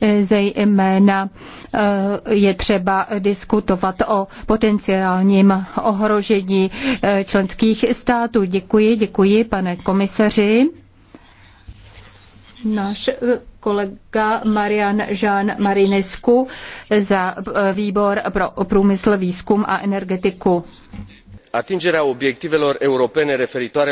Eh, zejména eh, je třeba diskutovat o potenciálním ohrožení eh, členských států. Děkuji, děkuji, pane komisaři. Náš kolega Marian Jean Marinescu za výbor pro průmysl, výzkum a energetiku. Atingerea obiectivelor europene referitoare